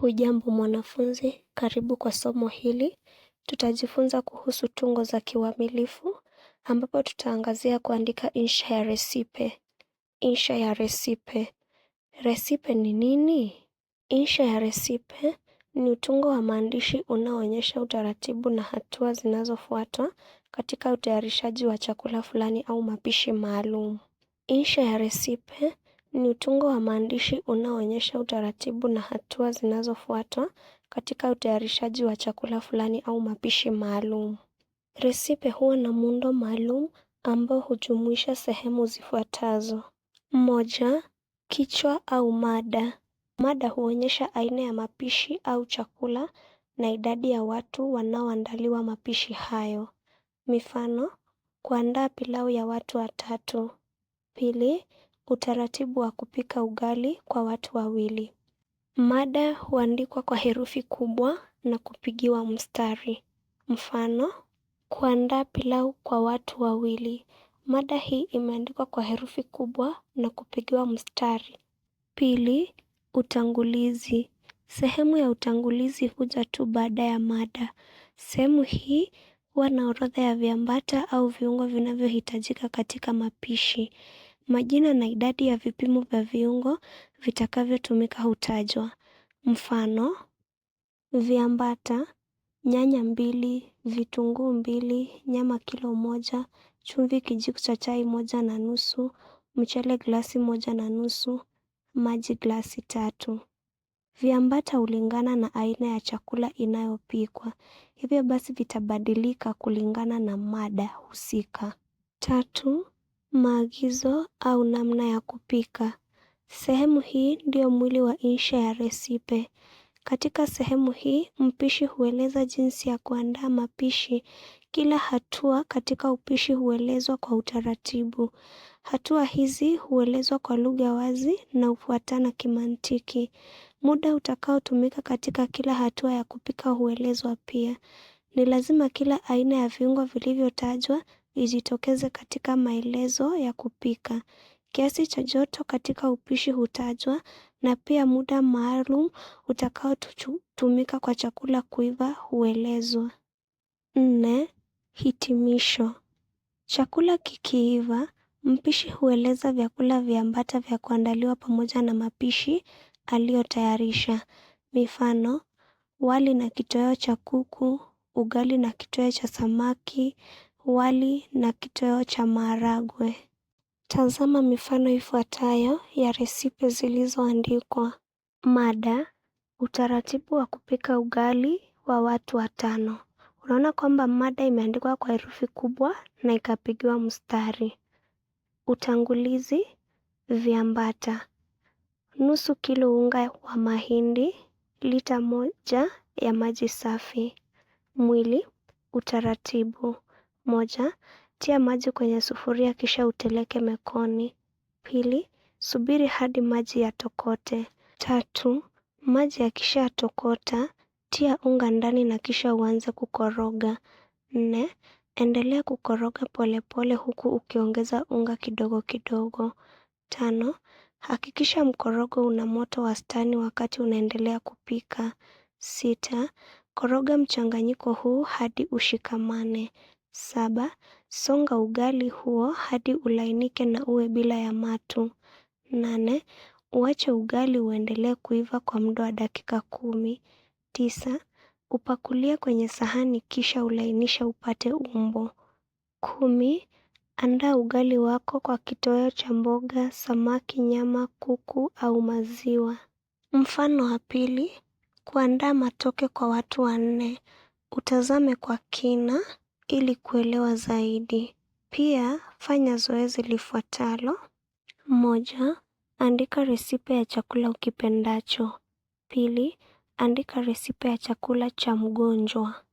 Hujambo mwanafunzi, karibu kwa somo hili. Tutajifunza kuhusu tungo za kiuamilifu ambapo tutaangazia kuandika insha ya resipe. Insha ya resipe. Resipe ni nini? Insha ya resipe ni utungo wa maandishi unaoonyesha utaratibu na hatua zinazofuatwa katika utayarishaji wa chakula fulani au mapishi maalum. Insha ya resipe ni utungo wa maandishi unaoonyesha utaratibu na hatua zinazofuatwa katika utayarishaji wa chakula fulani au mapishi maalum. Resipe huwa na muundo maalum ambao hujumuisha sehemu zifuatazo. Moja, kichwa au mada. Mada huonyesha aina ya mapishi au chakula na idadi ya watu wanaoandaliwa mapishi hayo. Mifano, kuandaa pilau ya watu watatu. Pili, Utaratibu wa kupika ugali kwa watu wawili. Mada huandikwa kwa herufi kubwa na kupigiwa mstari. Mfano, kuandaa pilau kwa watu wawili. Mada hii imeandikwa kwa herufi kubwa na kupigiwa mstari. Pili, utangulizi. Sehemu ya utangulizi huja tu baada ya mada. Sehemu hii huwa na orodha ya viambata au viungo vinavyohitajika katika mapishi. Majina na idadi ya vipimo vya viungo vitakavyotumika hutajwa. Mfano, viambata: nyanya mbili, vitunguu mbili, nyama kilo moja, chumvi kijiko cha chai moja na nusu, mchele glasi moja na nusu, maji glasi tatu. Viambata hulingana na aina ya chakula inayopikwa, hivyo basi vitabadilika kulingana na mada husika. Tatu, maagizo au namna ya kupika. Sehemu hii ndio mwili wa insha ya resipe. Katika sehemu hii, mpishi hueleza jinsi ya kuandaa mapishi. Kila hatua katika upishi huelezwa kwa utaratibu. Hatua hizi huelezwa kwa lugha wazi na hufuatana kimantiki. Muda utakaotumika katika kila hatua ya kupika huelezwa pia. Ni lazima kila aina ya viungo vilivyotajwa ijitokeze katika maelezo ya kupika. Kiasi cha joto katika upishi hutajwa na pia muda maalum utakaotumika kwa chakula kuiva huelezwa. Nne, hitimisho. Chakula kikiiva, mpishi hueleza vyakula viambata vya kuandaliwa pamoja na mapishi aliyotayarisha. Mifano, wali na kitoweo cha kuku, ugali na kitoweo cha samaki, wali na kitoweo cha maharagwe. Tazama mifano ifuatayo ya resipe zilizoandikwa. Mada: utaratibu wa kupika ugali wa watu watano. Unaona kwamba mada imeandikwa kwa herufi kubwa na ikapigiwa mstari. Utangulizi, viambata: nusu kilo unga wa mahindi, lita moja ya maji safi. Mwili: utaratibu moja, tia maji kwenye sufuria kisha uteleke mekoni. Pili, subiri hadi maji yatokote. Tatu, maji yakishatokota, tia unga ndani na kisha uanze kukoroga. Nne, endelea kukoroga polepole huku ukiongeza unga kidogo kidogo. Tano, hakikisha mkorogo una moto wastani wakati unaendelea kupika. Sita, koroga mchanganyiko huu hadi ushikamane. Saba, songa ugali huo hadi ulainike na uwe bila ya matu. Nane, uwache ugali uendelee kuiva kwa muda wa dakika kumi. Tisa, upakulie kwenye sahani kisha ulainishe upate umbo. Kumi, andaa ugali wako kwa kitoweo cha mboga, samaki, nyama, kuku au maziwa. Mfano wa pili, kuandaa matoke kwa watu wanne. Utazame kwa kina ili kuelewa zaidi. Pia fanya zoezi lifuatalo. Moja, andika resipe ya chakula ukipendacho. Pili, andika resipe ya chakula cha mgonjwa.